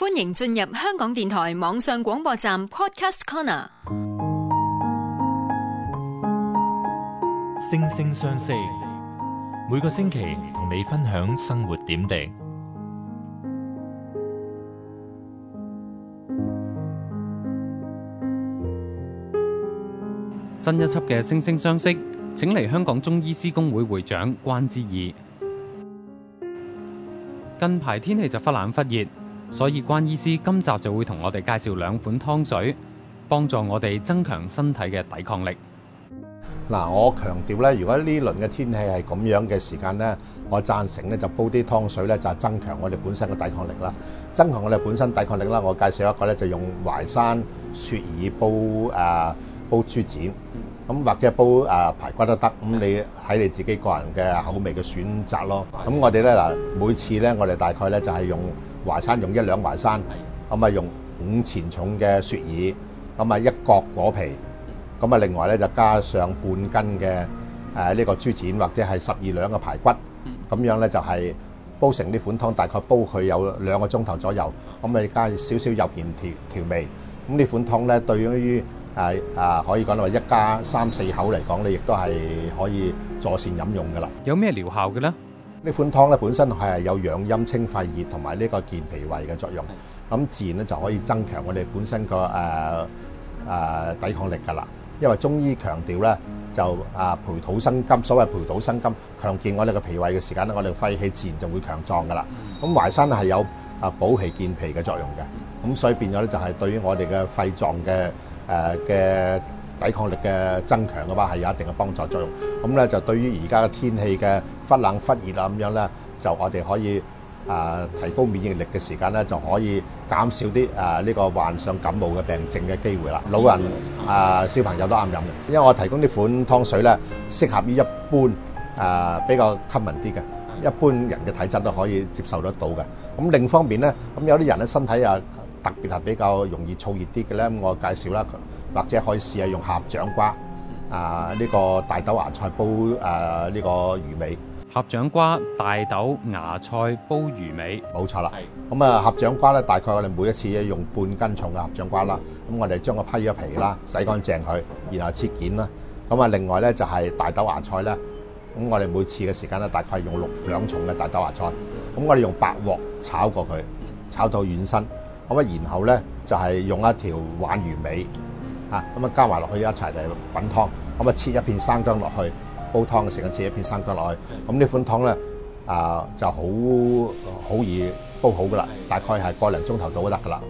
歡迎進入香港電台網上廣播站 Podcast Corner，星聲相識，每個星期同你分享生活點滴。新一輯嘅星聲相識，請嚟香港中醫師工會會長關之義。近排天氣就忽冷忽熱。所以關醫師今集就會同我哋介紹兩款湯水，幫助我哋增強身體嘅抵抗力。嗱，我強調咧，如果呢輪嘅天氣係咁樣嘅時間咧，我贊成咧就煲啲湯水咧就係增強我哋本身嘅抵抗力啦，增強我哋本身抵抗力啦。我介紹一個咧就用淮山、雪耳煲誒、啊、煲豬展，咁或者煲誒、啊、排骨都得。咁你喺你自己個人嘅口味嘅選擇咯。咁我哋咧嗱，每次咧我哋大概咧就係用。淮山用一兩淮山，咁啊用五錢重嘅雪耳，咁啊一角果皮，咁啊另外咧就加上半斤嘅誒呢個豬展或者係十二兩嘅排骨，咁樣咧就係煲成呢款湯，大概煲佢有兩個鐘頭左右，咁啊加少少油鹽調調味，咁呢款湯咧對於誒啊可以講到一家三四口嚟講，咧亦都係可以助膳飲用噶啦。有咩療效嘅咧？呢款湯咧本身係有養陰清肺熱同埋呢個健脾胃嘅作用，咁自然咧就可以增強我哋本身個誒誒抵抗力噶啦。因為中醫強調咧就啊培土生金，所謂培土生金，強健我哋個脾胃嘅時間咧，我哋肺氣自然就會強壯噶啦。咁淮山係有啊補脾健脾嘅作用嘅，咁所以變咗咧就係對於我哋嘅肺臟嘅誒嘅。呃抵抗力嘅增強嘅話，係有一定嘅幫助作用。咁咧就對於而家嘅天氣嘅忽冷忽熱啊，咁樣咧就我哋可以啊、呃、提高免疫力嘅時間咧，就可以減少啲啊呢個患上感冒嘅病症嘅機會啦。老人啊、呃，小朋友都啱飲嘅。因為我提供款呢款湯水咧，適合於一般啊、呃、比較普遍啲嘅一般人嘅體質都可以接受得到嘅。咁另一方面咧，咁有啲人咧身體啊特別係比較容易燥熱啲嘅咧，我介紹啦。或者可以試下用合掌瓜啊，呢、這個大豆芽菜煲誒呢個魚尾。合掌瓜、大豆芽菜煲魚尾，冇錯啦。咁啊是，合掌瓜咧，大概我哋每一次用半斤重嘅合掌瓜啦。咁我哋將佢批咗皮啦，洗乾淨佢，然後切件啦。咁啊，另外咧就係大豆芽菜咧，咁我哋每次嘅時間咧，大概用六兩重嘅大豆芽菜。咁我哋用，用白鑊炒過佢，炒到軟身。咁啊，然後咧就係、是、用一條鯇魚尾。啊，咁啊加埋落去一齊嚟滾湯，咁啊切一片生薑落去。煲湯嘅時候切一片生薑落去，咁呢款湯咧啊、呃、就好好易煲好噶啦，大概係個零鐘頭到都得噶啦。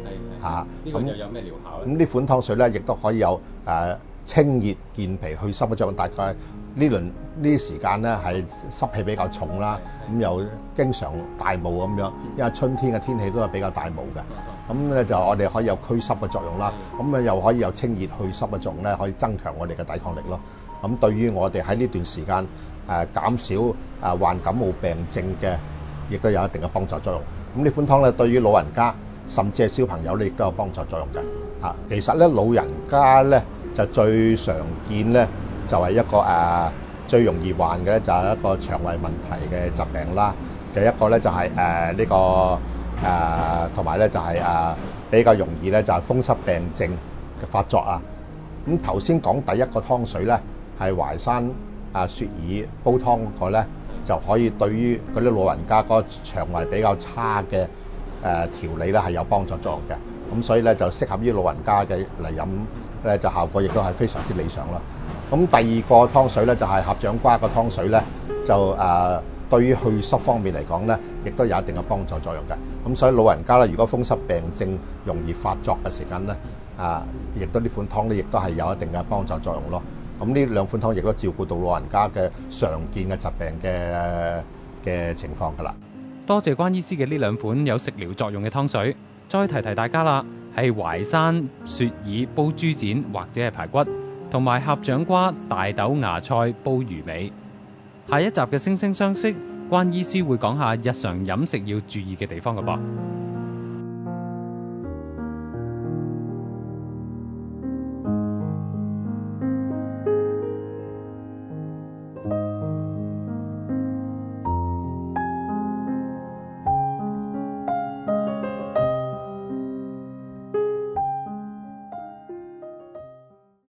嚇的，咁又有咩療效咧？咁、啊、呢、啊、款湯水咧亦都可以有誒、呃、清熱健脾去濕嘅作用，大概。呢輪呢啲時間咧係濕氣比較重啦，咁又經常大霧咁樣，因為春天嘅天氣都係比較大霧嘅。咁呢就我哋可以有驅濕嘅作用啦，咁咧又可以有清熱祛濕嘅作用咧，可以增強我哋嘅抵抗力咯。咁對於我哋喺呢段時間誒減少誒患感冒病症嘅，亦都有一定嘅幫助作用。咁呢款湯咧，對於老人家甚至係小朋友，亦都有幫助作用嘅。嚇，其實呢，老人家呢就最常見呢。就係一個誒最容易患嘅咧，就係一個腸胃問題嘅疾病啦。就一個咧，就係誒呢個誒，同埋咧就係誒比較容易咧，就係風濕病症嘅發作啊。咁頭先講第一個湯水咧，係淮山啊雪耳煲湯嗰個咧，就可以對於嗰啲老人家嗰個腸胃比較差嘅誒調理咧係有幫助作用嘅。咁所以咧就適合於老人家嘅嚟飲咧，就效果亦都係非常之理想咯。咁第二個湯水咧就係合掌瓜個湯水咧，就誒對於去濕方面嚟講咧，亦都有一定嘅幫助作用嘅。咁所以老人家咧，如果風濕病症容易發作嘅時間咧，啊，亦都呢款湯咧，亦都係有一定嘅幫助作用咯。咁呢兩款湯亦都照顧到老人家嘅常見嘅疾病嘅嘅情況㗎啦。多謝關醫師嘅呢兩款有食療作用嘅湯水，再提提大家啦，係淮山雪耳煲豬展，或者係排骨。同埋合掌瓜、大豆芽菜煲魚尾。下一集嘅《星聲相識》，關醫師會講下日常飲食要注意嘅地方嘅噃。